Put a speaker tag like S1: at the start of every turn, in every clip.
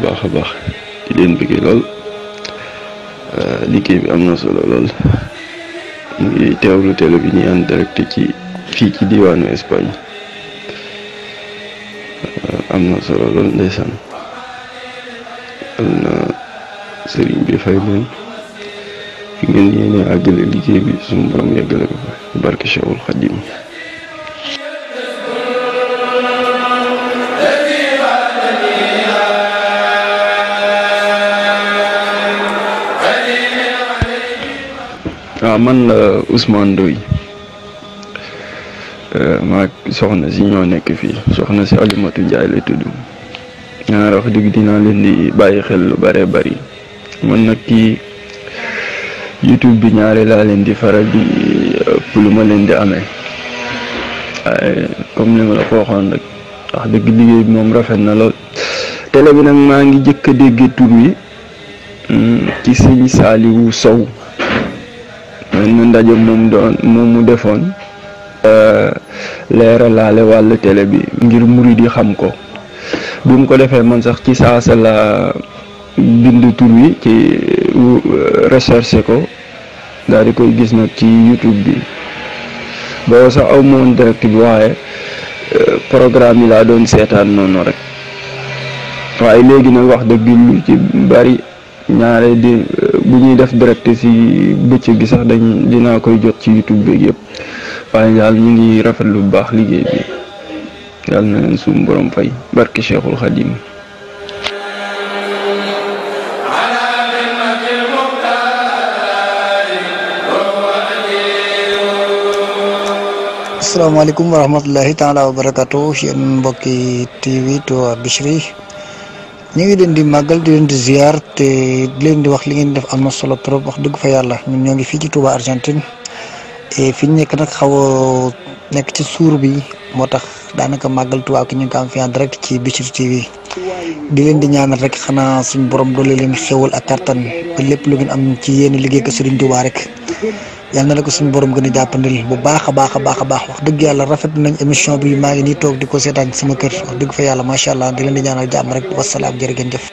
S1: baax a baax di leen bëggee lool euh, liggéey bi am na solo lool mu ngi teewlu télé bi ñuy en direct ci fii ci diwaanu Espagne euh, am na solo lool ndeysaan am na sëriñ bi fay leen fi ngeen yéene àggale liggéey bi suñu borom yeggale ko barke Cheikhul Khadim man la Ousmane Ndoye euh, maag soxna si ñoo nekk fii soxna si Alimatu Njaay la tudd ñaar wax dëgg dinaa leen di bàyyi xel lu bare bari man nag kii YouTube bi ñaar laa leen di faral di ëpp lu ma leen di amee waaye comme ni ma la ko rek wax dëgg liggéey moom rafet na lool télé bi nag maa ngi jëkk a dégg tur wi hmm, ci sëñ Saaliwu Sow ndaje moom doon moom mu defoon euh, leeralaale wàll télé bi ngir murid yi xam ko bi mu ko defee man sax ci saasa la bind tur wi ci euh, recherché ko daal di koy gis nag ci YouTube bi booba sax aw moon direct bi waaye euh, programme yi laa doon seetaan noonu rek waaye léegi nag wax dëgg ci bari ñaare di bu ñuy def direct ci bëccëg gi sax dañ dinaa koy jot ci YouTube beeg yëpp waaye daal ñu ngi rafetlu bu baax liggéey bi yàlla na leen suñu borom fay barke Cheikhul Khadim
S2: asalaamaaleykum wa rahmatulahi taala wa barakatu yéen mbokki TV Touba Bichri ñu ngi leen di màggal di leen di ziar te di leen di wax li ngeen def am na solo trop wax dëgg fa yàlla ñun ñoo ngi fii ci Touba Argentine et fi ñu nekk nag xaw a nekk ci suur bi moo tax daanaka màggal Touba ki ñu ngi ko am fi en direct ci Bichri TV di leen di ñaanal rek xanaa suñu borom doole leen a ak kattan ba lépp lu ngeen am ci yéen liggéey ko Serigne Touba rek. yal na la ko suñu borom gën a jàppandil bu baax a baax a baax a baax wax dëgg yàlla rafet nañ émission bi maa ngi nii toog di ko seetaan sama kër wax dëgg fa yàlla macha allah di leen di ñaanal jàmm rek wasalaam jërë ngeen jëf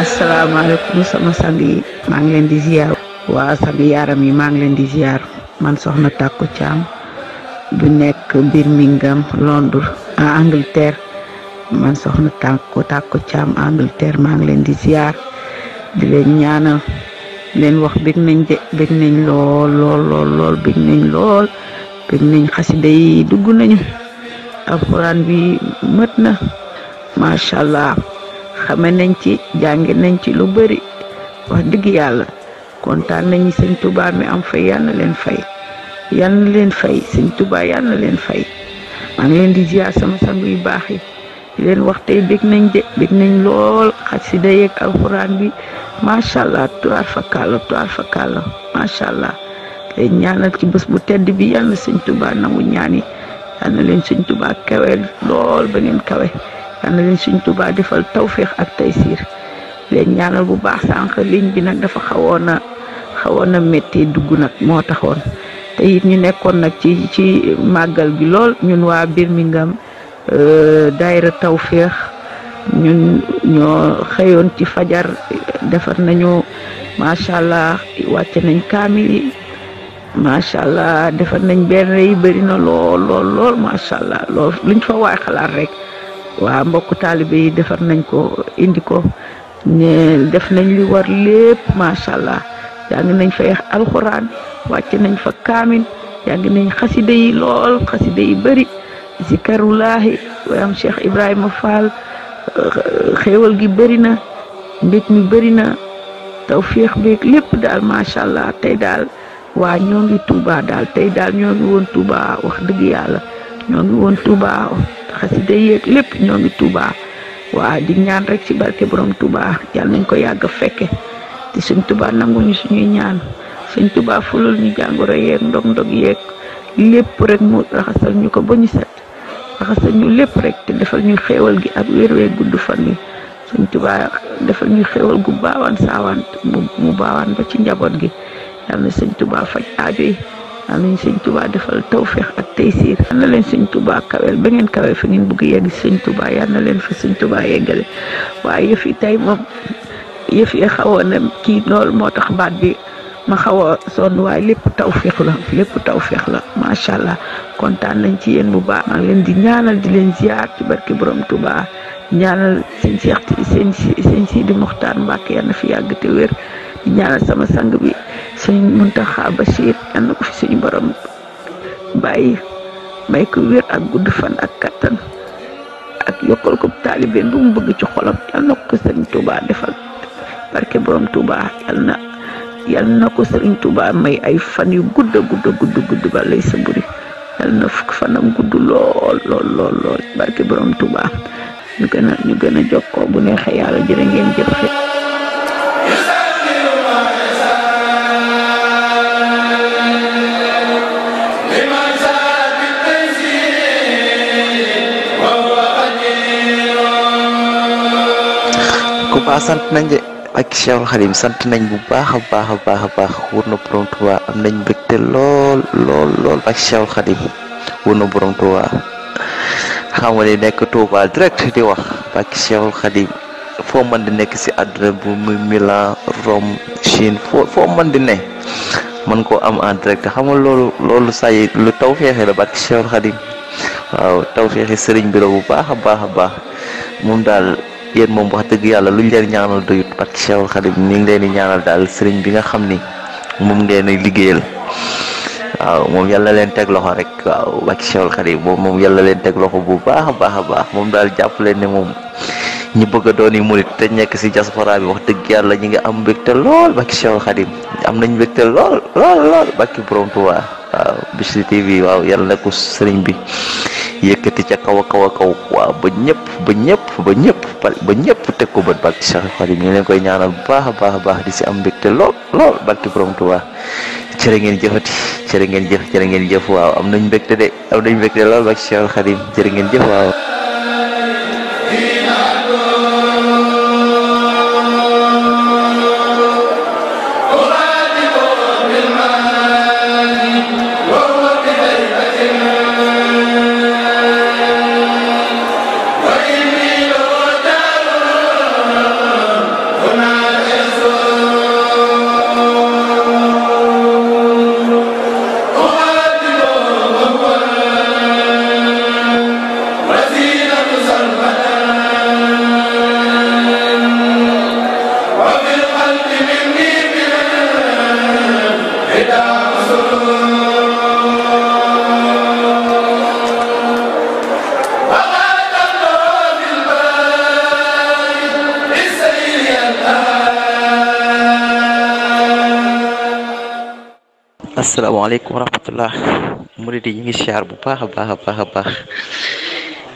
S3: asalaamaaleykum sama sang yi maa ngi leen di ziar waa sami yaram yi maa ngi leen di ziar man soxna Tàkku Caam bu nekk Birmingham Londres à ah, man soxna Tàkku Tàkku Caam Angleterre maa ngi leen di ziar di leen ñaanal leen wax bég nañ de bég nañ lool lool lool lool nañ lool bég nañ xasida yi dugg nañu alxuraan bi mët na macha allah xame nañ ci jàngi nañ ci lu bari wax dëgg yàlla. kontaan nañu sëñ Touba mi am fa yal leen fay yal na leen fay sëñ Touba yal na leen fay maa ngi leen di ziar sama sang yu baax yi di bég nañ de bég nañ lool xasida yeeg alxuraan bi macha allah tuwaar fakkaalo macha allah leen ñaanal ci bés bu tedd bi yal na sëñ nangu ñaan yi yal na leen sëñ Touba kawe lool ba ngeen kawe yal na leen sëñ Touba defal tawféex ak taysiir leen ñaanal bu baax sànq bi nag dafa xawoon xawoon na métti dugg nag moo taxoon te it ñu nekkoon nag ci ci màggal gi lool ñun waa Birmingham euh, daayira Tawféex ñun ñoo xëyoon ci fajar defar nañu macha allah wàcce nañ kaami yi macha allah defar nañ benn yi bëri na lool lool lool macha allah lool luñ fa waay xalaat rek waa mbokk taalibe yi defar nañ ko indi ko ne def nañ li war lépp macha allah. jàng nañ fa alxuraan wàcc nañ fa kaamin jàng nañ xasida yi lool xasida yi bëri zikarulaahi waam Cheikh Ibrahima Fall euh, xéewal gi bari na mbég mi bëri na tawféex beeg lépp daal macha allah tey daal waa ñoo ngi Touba daal tey daal ñoo ngi woon Touba wax dëgg yàlla ñoo ngi woon Touba xasida yeeg lépp ñoo ngi Touba waa di ñaan rek ci barke borom Touba yàlla nañ ko yàgg fekke te sëñ nangu ñu suñuy ñaan sëñ tubaa fulul ñu jàngoro yeeg ndog ndog yeeg lépp rek mu raxasal ñu ko ba ñu set raxasal ñu lépp rek te defal ñuy xéewal gi ak wér wee gudd fan yi sëñ tubaa defal ñuy xéewal gu baawaan saawaan mu baawaan ba ci njaboot gi yàlla na sëñ tubaa faj aajo yi yàlla nañ sëñ tubaa defal tawféex ak tey taysiir yàlla na leen sëñ tubaa kaweel ba ngeen kaweel fi ngeen bëgg yegg sëñ tubaa yàlla leen fa sëñ tubaa yeggale waaye yëf yi tey moom yëf yi xawoon a kii loolu moo tax baat bi ma xaw a sonn waaye lépp tawféex la lépp tawféex la macha allah kontaan nañ ci yéen bu baax maa leen di ñaanal di leen ziar ci barki borom Touba ñaanal seen Cheikh seen seen Sidi Mokhtar Mbacke na fi yàgg te wér di ñaanal sama sang bi suñ Muntaxa Bachir yal na ko fi suñu borom bàyyi may ko wér ak gudd fan ak kattan ak yokkal ko taalibe bu mu bëgg ci xolam yal na ko sëñ Touba defal. barke borom Touba yal na yal na ko Serigne Touba may ay fan yu gudd gudd gudd gudd ba lay buri yal na fanam gudd lool lool lool barke borom Touba ñu gën a ñu gën a jokkoo bu neexee yàlla jërë ngeen jëf.
S2: sant nañ de ak Cheikhul Khadim sant nañ bu baax a baax a baax a baax wër na borom Tuubaa am nañ mbégte lool lool lool ak Cheikhul Khadim wër na borom Tuubaa xam nga ni nekk Tuubaa direct di wax ak Cheikhul Khadim foo di nekk si àdduna bu muy Milan Rome Chine foo man di ne mën koo am en direct xam nga loolu loolu saa lu taw feexe la barke Cheikhul Khadim waaw taw feexe sëriñ bi la bu baax a baax a baax moom daal yéen moom wax dëgg yàlla lu leen ñaanal doyut parce que Cheikhul Khadim ñu ngi leen di ñaanal daal sëriñ bi nga xam ni moom ngeen di liggéeyal waaw moom yàlla leen teg loxo rek waaw bàcc Cheikhul Khadim moom moom yàlla leen teg loxo a baax a baax moom daal jàpp leen ne moom ñi bëgg a doon yi te nekk si diaspora bi wax dëgg yàlla ñi ngi am mbégte lool bàcc Cheikhul Khadim am nañ mbégte lool lool lool bàcc Borom Tuubaa waaw Bichri TV waaw yàlla na ko sëriñ bi yëkkati ca kaw a kaw a kaw waaw ba ñëpp ba ñëpp ba ñëpp ba ñëpp teg ko bët barki Cheikh yi ñu ngi leen koy ñaanal bu baax a baax baax di si am mbégte lool lool barki borom Tuubaa cërë ngeen jëfati cërë ngeen jëf cërë ngeen jëf waaw am nañ mbégte de am nañ mbégte lool barki Cheikh Xaadim jërë ngeen jëf waaw asalaamaaleykum wa rahmatullah murid yi ñu ngi siyaar bu baax a baax a baax a baax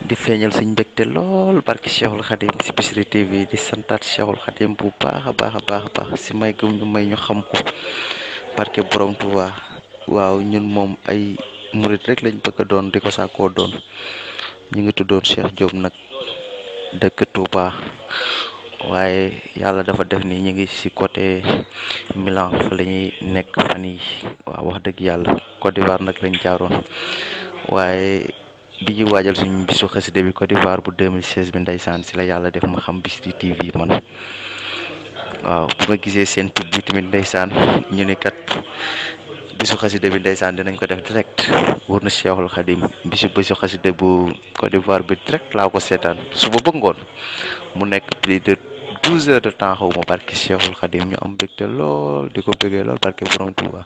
S2: di feeñal suñ mbégte lool barki Cheikhul Khadim si Bichri di santaat Cheikhul Khadim a baax a si may gëm ñu may ñu xam ko barke borom Tuuba waaw ñun moom ay murid rek lañ bëgg a doon di ko saakoo doon ñu ngi tuddoon Cheikh Diop nag dëkk Touba waaye yàlla dafa def ni ñu ngi si côté Milan fa la ñuy nekk fan yi waaw wax dëgg yàlla Côte d'Ivoire nag lañ caaroon waaye bi ñu waajal suñu bisu xaside bi Côte d'Ivoire bu 2016 bi ndeysaan si la yàlla def ma xam Bichri TV man waaw bu ma gisee seen pub bi tamit ndeysaan ñu ne kat bisu xaside bi ndeysaan dinañ ko def direct wër na Cheikhul Khadim bisu bisu xaside bu Côte d'Ivoire bi direct laa ko seetaan suba ba ngoon mu nekk douze heures de temps xaw ma barke Cheikhul Khadim ñu am mbégte lool di ko bëggee lool barke borom Touba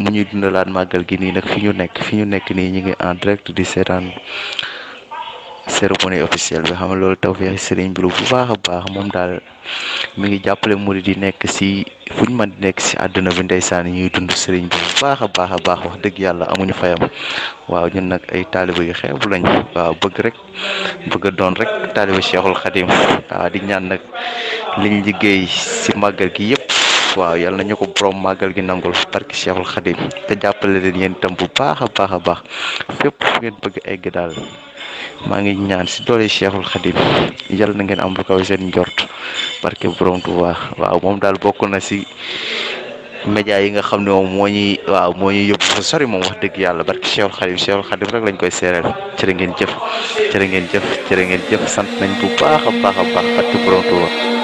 S2: mu ñuy dundalaat màggal gi nii nag fi ñu nekk fi ñu nekk nii ñu ngi en direct di seetaan cérémonie officielle bi xam nga loolu tawfeexi sëriñ bi lu bu baax a baax moom daal mi ngi jàppale murid yi nekk si fu ñu mën di nekk si àdduna bi ndeysaan ñuy dund sëriñ bi baax a baax a baax wax dëgg yàlla amuñu fayam waaw ñun nag ay taaliba yu xeebu lañ waaw bëgg rek bëgg doon rek taaliba Cheikhul Khadim waaw di ñaan nag liñ liggéey si màggal gi yëpp. waaw yàlla ñu ko borom màggal gi nangul barki Cheikhul Khadim te jàppale leen yéen itam bu baax a baax a baax fépp fu bëgg egg daal maa ngi ñaan si doole Cheikhul Khadim yal na ngeen am lu kaw seen njort barke borom Tuubaa waaw moom daal bokk na si média yi nga xam ne moom moo ñuy waaw moo ñuy sori moom wax dëgg yàlla barke Cheikhul Khadim Cheikhul Khadim rek lañ koy seereel cërë ngeen jëf cërë ngeen jëf cërë ngeen jëf sant nañ bu baax a baax a baax barke borom Tuubaa